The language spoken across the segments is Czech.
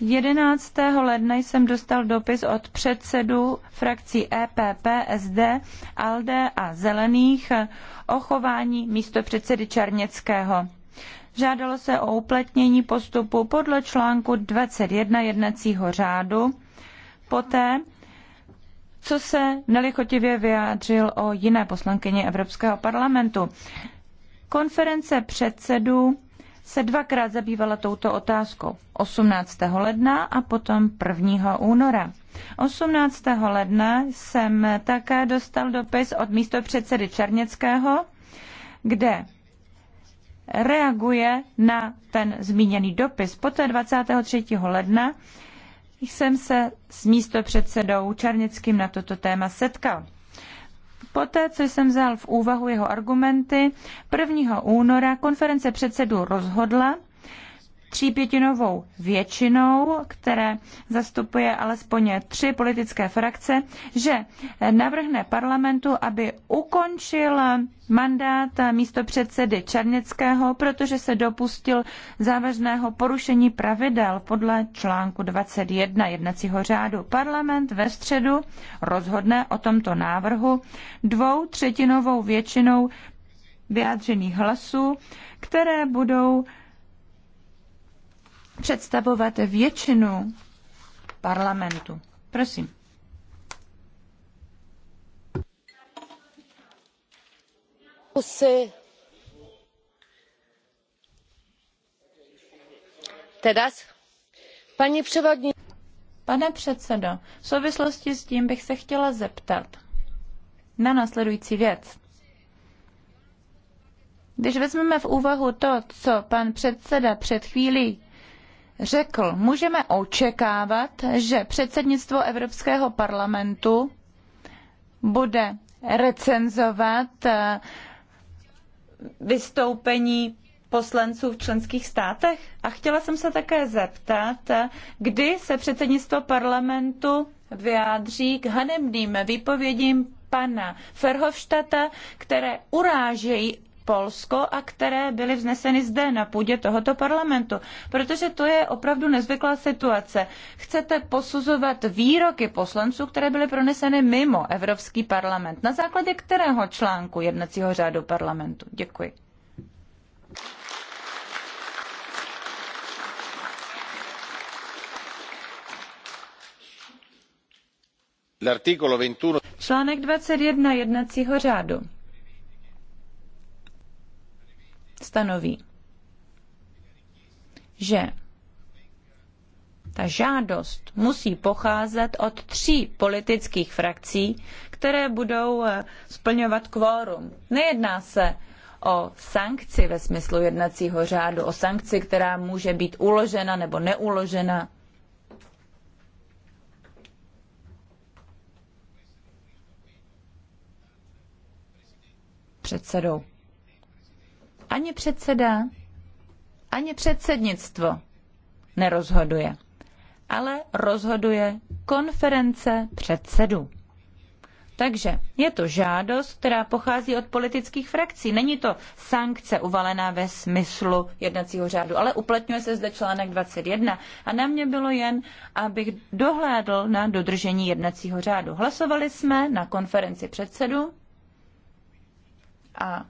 11. ledna jsem dostal dopis od předsedu frakcí EPP, SD, ALDE a Zelených o chování předsedy Čarněckého. Žádalo se o uplatnění postupu podle článku 21 jednacího řádu, poté co se nelichotivě vyjádřil o jiné poslankyni Evropského parlamentu. Konference předsedů se dvakrát zabývala touto otázkou. 18. ledna a potom 1. února. 18. ledna jsem také dostal dopis od místo předsedy Černěckého, kde reaguje na ten zmíněný dopis. Poté 23. ledna jsem se s místo předsedou Černickým na toto téma setkal. Poté, co jsem vzal v úvahu jeho argumenty, 1. února konference předsedů rozhodla, třípětinovou většinou, které zastupuje alespoň tři politické frakce, že navrhne parlamentu, aby ukončil mandát místo předsedy Černického, protože se dopustil závažného porušení pravidel podle článku 21 jednacího řádu. Parlament ve středu rozhodne o tomto návrhu dvou třetinovou většinou vyjádřených hlasů, které budou představovat většinu parlamentu. Prosím. paní převodní... Pane předsedo, v souvislosti s tím bych se chtěla zeptat na následující věc. Když vezmeme v úvahu to, co pan předseda před chvílí řekl, můžeme očekávat, že předsednictvo Evropského parlamentu bude recenzovat eh, vystoupení poslanců v členských státech. A chtěla jsem se také zeptat, eh, kdy se předsednictvo parlamentu vyjádří k hanebným výpovědím pana Ferhofštata, které urážejí Polsko a které byly vzneseny zde na půdě tohoto parlamentu. Protože to je opravdu nezvyklá situace. Chcete posuzovat výroky poslanců, které byly proneseny mimo Evropský parlament. Na základě kterého článku jednacího řádu parlamentu? Děkuji. Článek 21 jednacího řádu stanoví, že ta žádost musí pocházet od tří politických frakcí, které budou eh, splňovat kvórum. Nejedná se o sankci ve smyslu jednacího řádu, o sankci, která může být uložena nebo neuložena. předsedou ani předseda, ani předsednictvo nerozhoduje, ale rozhoduje konference předsedů. Takže je to žádost, která pochází od politických frakcí. Není to sankce uvalená ve smyslu jednacího řádu, ale uplatňuje se zde článek 21. A na mě bylo jen, abych dohlédl na dodržení jednacího řádu. Hlasovali jsme na konferenci předsedu a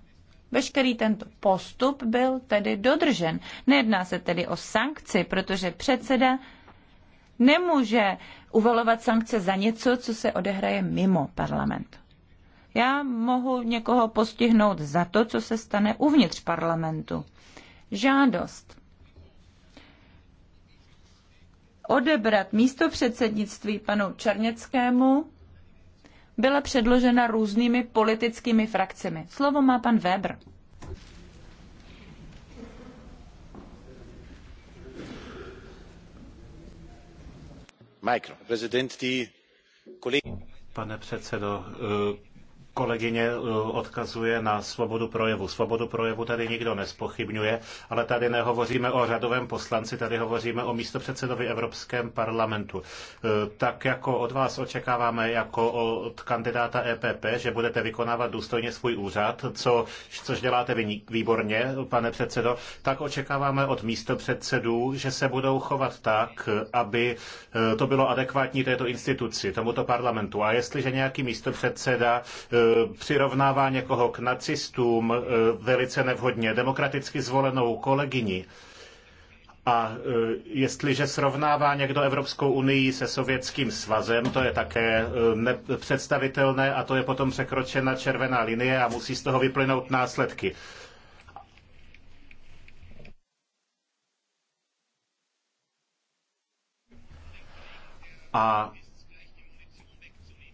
Veškerý tento postup byl tedy dodržen. Nejedná se tedy o sankci, protože předseda nemůže uvalovat sankce za něco, co se odehraje mimo parlament. Já mohu někoho postihnout za to, co se stane uvnitř parlamentu. Žádost odebrat místo předsednictví panu Černěckému byla předložena různými politickými frakcemi. Slovo má pan Weber. Mikro, prezident, die Pane předsedo, kolegyně eh, odkazuje na svobodu projevu. Svobodu projevu tady nikdo nespochybňuje, ale tady nehovoříme o řadovém poslanci, tady hovoříme o místopředsedovi Evropském parlamentu. Eh, tak jako od vás očekáváme jako od kandidáta EPP, že budete vykonávat důstojně svůj úřad, co, což děláte vy výborně, pane předsedo, tak očekáváme od místopředsedů, že se budou chovat tak, aby eh, to bylo adekvátní této instituci, tomuto parlamentu. A jestliže nějaký místopředseda přirovnává někoho k nacistům eh, velice nevhodně, demokraticky zvolenou kolegyni, a eh, jestliže srovnává někdo Evropskou unii se Sovětským svazem, to je také eh, nepředstavitelné a to je potom překročena červená linie a musí z toho vyplynout následky. A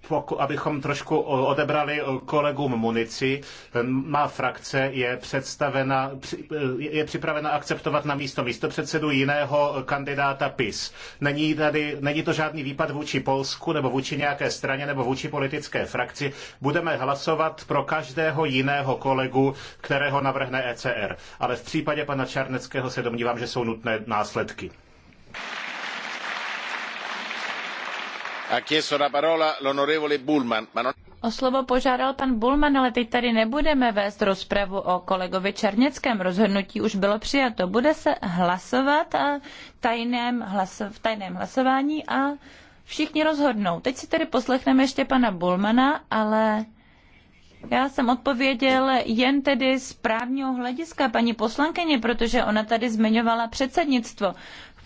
poku, abychom trošku odebrali eh, kolegům munici. Eh, má frakce je představena, eh, je připravena akceptovat na místo místo předsedu jiného kandidáta PIS. Není, tady, není to žádný výpad vůči Polsku nebo vůči nějaké straně nebo vůči politické frakci. Budeme hlasovat pro každého jiného kolegu, kterého navrhne ECR. Ale v případě pana Čarneckého se domnívám, že jsou nutné následky. O slovo požádal pan bullmann ale teď tady nebudeme vést rozpravu o kolegovi Černěckém. Rozhodnutí už bylo přijato. Bude se hlasovat a tajném hlaso- v tajném hlasování a všichni rozhodnou. Teď si tedy poslechneme ještě pana bullmanna ale já jsem odpověděl jen tedy z právního hlediska paní poslankyně, protože ona tady zmiňovala předsednictvo.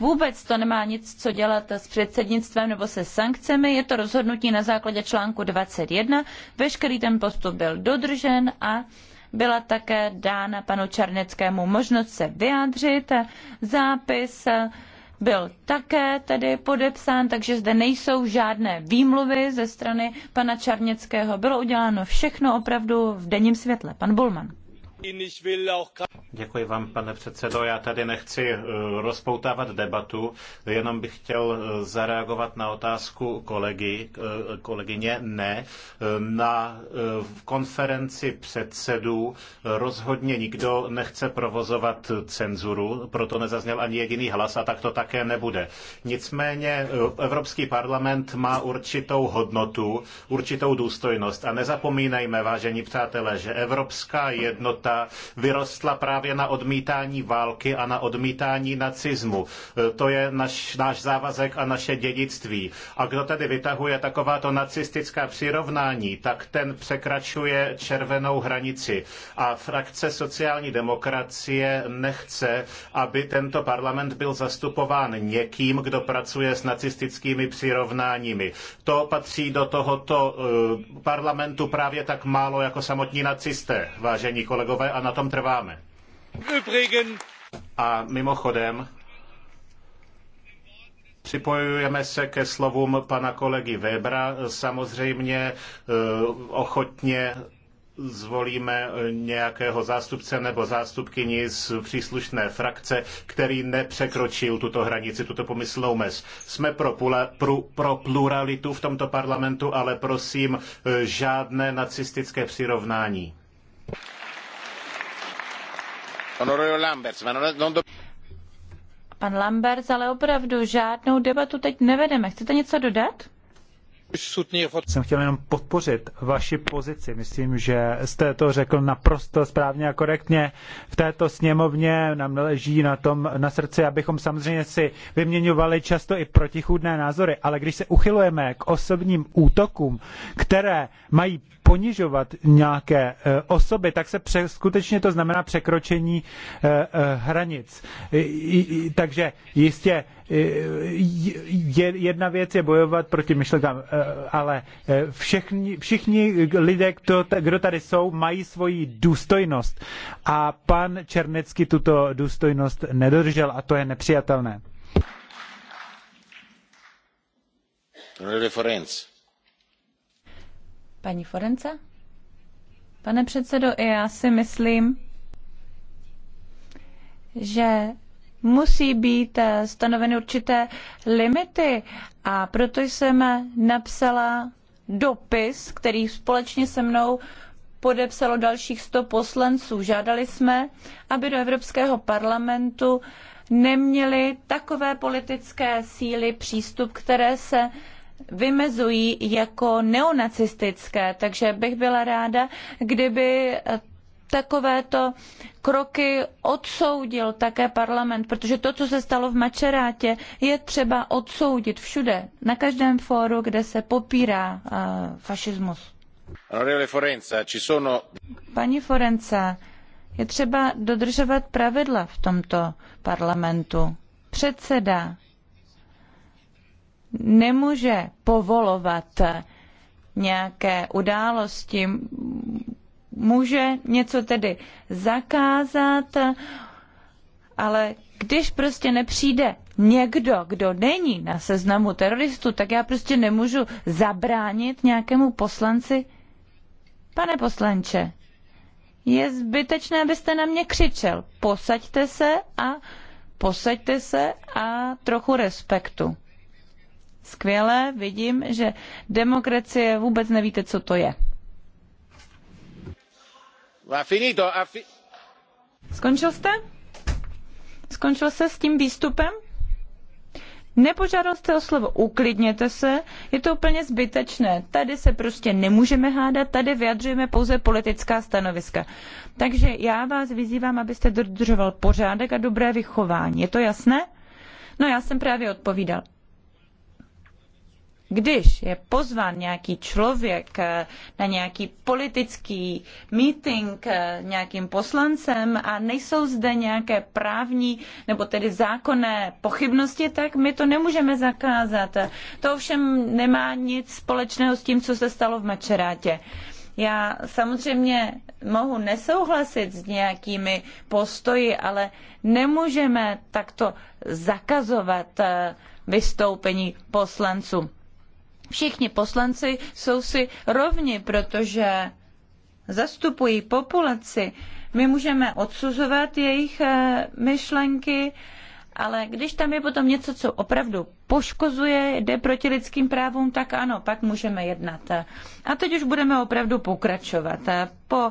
Vůbec to nemá nic co dělat s předsednictvem nebo se sankcemi, je to rozhodnutí na základě článku 21. Veškerý ten postup byl dodržen a byla také dána panu Černeckému možnost se vyjádřit. Zápis byl také tedy podepsán, takže zde nejsou žádné výmluvy ze strany pana Čarněckého. Bylo uděláno všechno opravdu v denním světle. Pan Bulman. Děkuji vám, pane předsedo. Já tady nechci eh, rozpoutávat debatu, jenom bych chtěl eh, zareagovat na otázku kolegy, eh, kolegyně ne. Na konferenci předsedů rozhodně nikdo nechce provozovat cenzuru, proto nezazněl ani jediný hlas a tak to také nebude. Nicméně Evropský parlament má určitou hodnotu, určitou důstojnost a nezapomínejme, vážení přátelé, že evropská jednota léta vyrostla právě na odmítání války a na odmítání nacismu. E, to je naš, náš závazek a naše dědictví. A kdo tedy vytahuje takováto nacistická přirovnání, tak ten překračuje červenou hranici. A frakce sociální demokracie nechce, aby tento parlament byl zastupován někým, kdo pracuje s nacistickými přirovnáními. To patří do tohoto e, parlamentu právě tak málo jako samotní nacisté, vážení kolegové takové a na tom trváme. A mimochodem, Připojujeme se ke slovům pana kolegy Webra. Samozřejmě e, ochotně zvolíme nějakého zástupce nebo zástupkyni z příslušné frakce, který nepřekročil tuto hranici, tuto pomyslnou mez. Jsme pro, pula, pro, pro pluralitu v tomto parlamentu, ale prosím, e, žádné nacistické přirovnání. Pan lamberts ale opravdu žádnou debatu teď nevedeme. Chcete něco dodat? Jsem chtěl jenom podpořit vaši pozici. Myslím, že jste to řekl naprosto správně a korektně. V této sněmovně nám leží na tom na srdci, abychom samozřejmě si vyměňovali často i protichůdné názory, ale když se uchylujeme k osobním útokům, které mají ponižovat nějaké eh, osoby, tak se pře- skutečně to znamená překročení eh, eh, hranic. takže jistě jedna věc je bojovat proti myšlenkám, eh, ale eh, všichni, všichni lidé, kdo, kdo tady jsou, mají svoji důstojnost. A pan Černecký tuto důstojnost nedodržel a to je nepřijatelné. Paní Forence? Pane předsedo, já si myslím, že musí být eh, stanoveny určité limity a proto jsem napsala dopis, který společně se mnou podepsalo dalších 100 poslanců. Žádali jsme, aby do Evropského parlamentu neměly takové politické síly přístup, které se vymezují jako neonacistické. Takže bych byla ráda, kdyby takovéto kroky odsoudil také parlament, protože to, co se stalo v Mačerátě, je třeba odsoudit všude, na každém fóru, kde se popírá uh, fašismus. Paní Forenza, je třeba dodržovat pravidla v tomto parlamentu. Předseda nemůže povolovat nějaké události, může něco tedy zakázat, ale když prostě nepřijde někdo, kdo není na seznamu teroristů, tak já prostě nemůžu zabránit nějakému poslanci. Pane poslanče, je zbytečné, abyste na mě křičel. Posaďte se a posaďte se a trochu respektu. Skvěle, vidím, že demokracie vůbec nevíte, co to je. Skončil jste? Skončil jste s tím výstupem? Nepožádal jste o slovo, uklidněte se, je to úplně zbytečné. Tady se prostě nemůžeme hádat, tady vyjadřujeme pouze politická stanoviska. Takže já vás vyzývám, abyste dodržoval pořádek a dobré vychování. Je to jasné? No já jsem právě odpovídal když je pozván nějaký člověk eh, na nějaký politický meeting eh, nějakým poslancem a nejsou zde nějaké právní nebo tedy zákonné pochybnosti, tak my to nemůžeme zakázat. To ovšem nemá nic společného s tím, co se stalo v Mačerátě. Já samozřejmě mohu nesouhlasit s nějakými postoji, ale nemůžeme takto zakazovat eh, vystoupení poslancům všichni poslanci jsou si rovni, protože zastupují populaci. My můžeme odsuzovat jejich eh, myšlenky, ale když tam je potom něco, co opravdu poškozuje, jde proti lidským právům, tak ano, pak můžeme jednat. A teď už budeme opravdu pokračovat. Eh, po